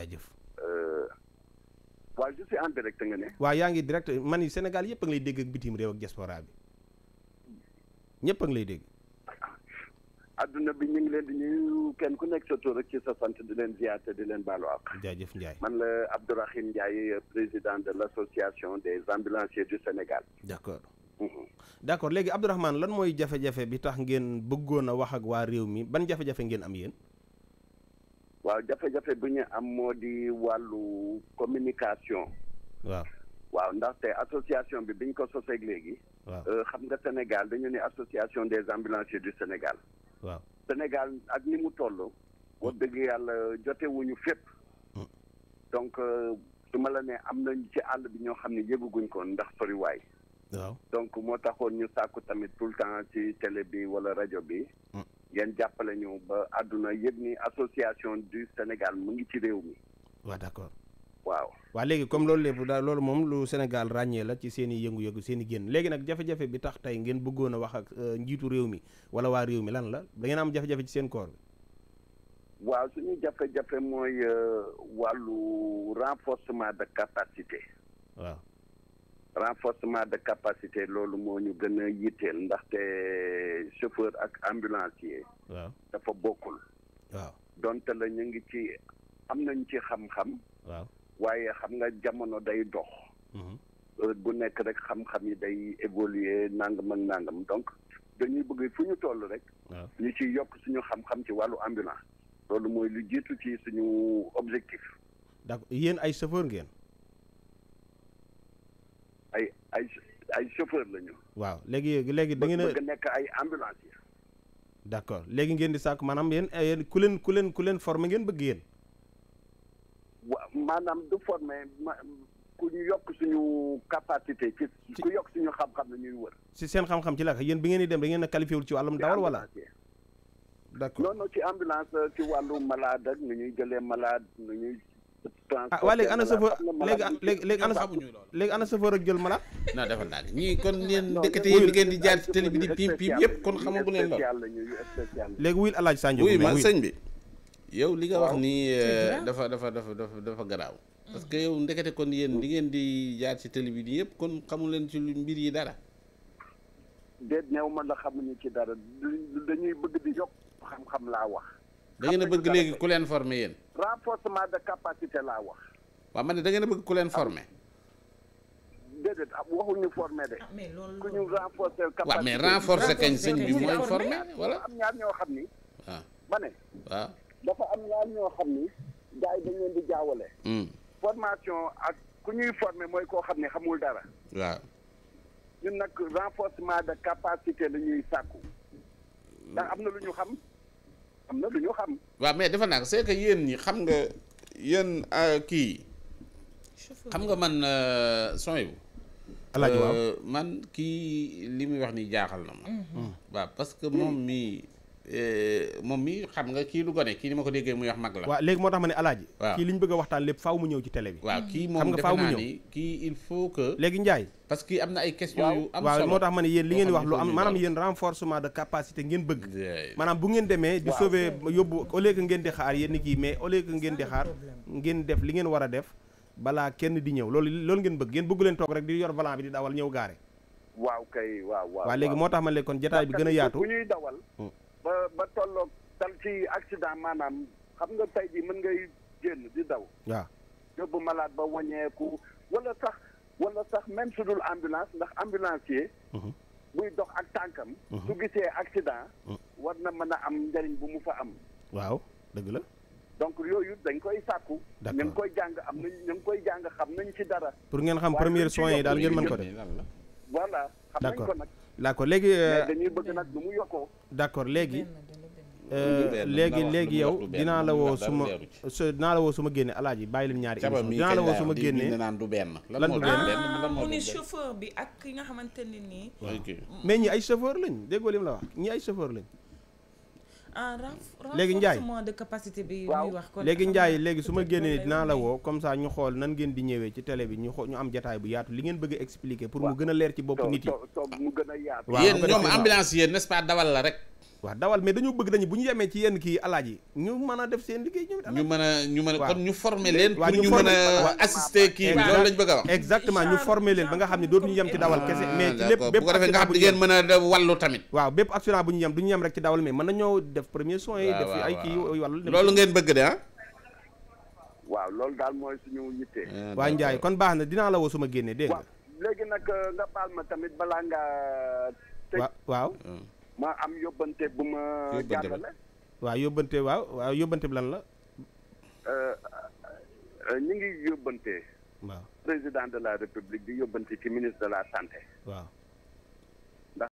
jaajëf. Euh, waaw je suis en direct nga ne. waaw yaa ngi direct man yi yëpp a dégg ak bitim réew ak ñëpp a lay dégg. adduna bi ñu ngi leen di nuyu kenn ku nekk sa rek ci sa sant di leen ziar di leen baalu ak jaajëf Ndiaye man la Abdourahim Ndiaye président de l' association des ambulanciers du Sénégal. d' accord mhm. d' accord léegi Abdourahmane lan mooy jafe-jafe bi tax ngeen bëggoon a wax ak waa réew mi ban jafe-jafe ngeen am yéen. waaw jafe-jafe bi ñu am moo di wàllu communication. waaw waaw ndaxte association bi biñ ko soseeg léegi. waaw euh, xam nga Sénégal dañu ne association des ambulanciers du Sénégal. waaw Sénégal ak ni mu toll. wax dëgg yàlla jotewuñu fépp. Mm. donc su euh, ma la ne am nañ ci àll bi ñoo xam ne yëguguñ koon ndax soriwaay. waaw donc moo taxoon ñu sàkku tamit tout le temps ci télé bi wala rajo bi. Mm. ngeen jàppale ñu ba àdduna yëg ni association du Sénégal mu ngi ci réew mi. waa d'accord. waaw waa léegi comme loolu lépp daal loolu moom lu Sénégal ràññee la ci seen i yëngu-yëngu seen génn léegi nag jafe-jafe bi tax tey ngeen bëggoon a wax ak euh, njiitu réew mi wala waa réew mi lan la da ngeen am jafe-jafe ci seen koor bi. waaw suñu jafe-jafe mooy euh, wàllu renforcement de capacité. waaw renforcement de capacité loolu moo ñu gën a yitteel ndaxte chauffeur ak ambulancier. waaw dafa bokkul. waaw donte la ñu ngi ci am nañ ci xam-xam. waaw waaye xam nga jamono day dox. Mhm. bu nekk rek xam-xam yi day évoluer nangam ak nangam donc dañuy bëgg fu ñu toll rek. ñu ci yokk suñu xam-xam ci wàllu ambulance. loolu mooy lu jiitu ci suñu objectif. d'accord yéen ay chauffeur ngeen. ay ay. ay chauffeur la ñu. waaw léegi léegi da ngeen a nekk ay ambulancier d' accord léegi ngeen di sàkk maanaam yéen eh, yéen ku leen ku leen ku leen formé ngeen bëgg yéen. waaw maanaam du formé ma ku yokk suñu capacité ci. ku yokk suñu xam-xam la ñuy wër. si seen xam-xam ci la yéen bi ngeen di dem da ngeen a qualifié ci wàllum dawal wala. d' accord ci ambulance ci wàllu malade ak nu ñuy jëlee malade nu ñuy. ah waa léegi ana chauffeur ah, léegi léegi ana léegi ana chauffeur ak jël malade non defal naa ñii kon ngeen dëkkate li ngeen di jaar ci télé bi di piim piim yëpp kon xamagu leen loolu léegi wuyul alaaj Sandio oui man sëñ bi yow li nga wax nii euh, dafa dafa dafa dafa dafa garaaw parce que yow ndekete kon yéen li ngeen di jaar ci télé bi yëpp kon xamu leen ci mbir yi dara déet new man la xamuñu ci dara dañuy bëgg di yokk xam-xam laa wax da ne a bëgg léegi ku leen former yéen. renforcement de capacité laa wax. waaw man ne da bëgg ku leen former. déedéet ak ah, waxuñu former de. Ah, mais loolu ku ñu renforcer capacité. waaw mais renforcer kañ sëñ bi mooy former wala. am ñaar ñoo xam ni. Ah. ma ne. waaw dafa am ñaar ñoo xam ni. gars yi dañ di jaawale. Hmm. formation ak ku ñuy former mooy koo xam ne xamul dara. waaw. ñun nag renforcement de capacité la ñuy sàkku. ndax am na lu ñu xam. am lu ñu xam. waaw mais defe naa c'est que yéen xam nga yéen euh, kii. xam nga man euh, son yu. Euh, man kii li muy wax ni jaaxal na ma. Mhm. waaw parce moom mii. Euh, moom mi xam nga kii lu gone kii ni ma ko déggee muy wax mag la waaw léegi moo tax ma ne alaaji waaw kii li ñu bëgg a waxtaan lépp faaw mu ñëw ci télé bi xam nga faaw mu ñëw kii il faut que léegi Ndiaye parce que am na ay questions yu am solo moo tax ma ne yéen li ngeen wax lu am maanaam yéen renforcement de capacité ngeen bëgg maanaam bu ngeen demee di sauver yóbbu au lieu ngeen di xaar yéen kii mais au lieu ngeen di xaar ngeen def li ngeen war a def balaa kenn di ñëw loolu loolu ngeen bëgg ngeen bëgg leen toog rek di yor volant bi di dawal ñëw gaare waaw kay waaw waaw moo tax ma ne kon jotaay bi gën a yaatu bu ñuy dawal hmm. ba ba tolloog dal ci accident maanaam xam nga tey ji mën ngay génn di daw. waaw yóbbu malade ba wàññeeku wala sax wala sax même su dul ambulance ndax ambulancier. buy dox ak tànkam. su gisee accident. war na mën a am njariñ bu mu fa am. waaw dëgg la. donc yooyu dañ koy sàkku. ñu ngi koy jàng am nañ ñu ngi koy jàng xam nañ ci dara. pour ngeen xam premiers soins yi daal ngeen mën ko def. voilà xam nañ ko nag. d'accord léegi. Euh, dañuy bëgg nag nu mu yokkoo. d'accord léegi. Euh, léegi léegi yow dinaa la woo su suma dinaa la woo suma génne alaaji bàyyi leen ñaari émission dinaa la woo suma génne lan du benn lan du benn mu ni chauffeur bi ak ki nga xamante ne nii mais ñi ay chauffeur lañ déggoo lim la wax ñi ay chauffeur lañ ah léegi Ndiaye renforcement de capacité bi muy wax kon léegi su ma génnee dinaa la woo comme ça ñu xool nan ngeen di ñëwee ci télé bi ñu xool ñu am jataay bu yaatu li ngeen bëgg a expliquer pour mu gën a leer ci bopp nit yi. toog mu a yaatu. waaw yéen ñoom ambulance yéen nest dawal la rek. waaw dawal mais dañu bëgg nañu bu ñu yemee ci yenn kii alaaj yi ñu mën a def seen liggéey ñu mën a ñu man a kon ñu former leen pour ñu mën a assister kii loolu lañ bëgg a wax exactement ñu former leen ba nga xam ne dootuñu yem ci dawal kese ah, mais ci lépp bépp bu ko defee nga xam di ngeen mën a wàllu tamit waaw bépp accident bu ñu yem du ñu yem rek ci dawal mais mën na ñoo def premier soin yi def ay kii wàllu loolu ngeen bëgg de ah waaw loolu daal mooy suñu yitte ah, waa Ndiaye kon baax na dinaa la woo suma génnee dégg léegi nag nga ma tamit balaa nga ma am yóbbante bu ma. jàllale waaw yóbbante waaw waaw yóbbante bi lan la. Euh, euh, ñu ngi yóbbante. waaw président de la république bi yóbbante ci ministre de la santé. waaw.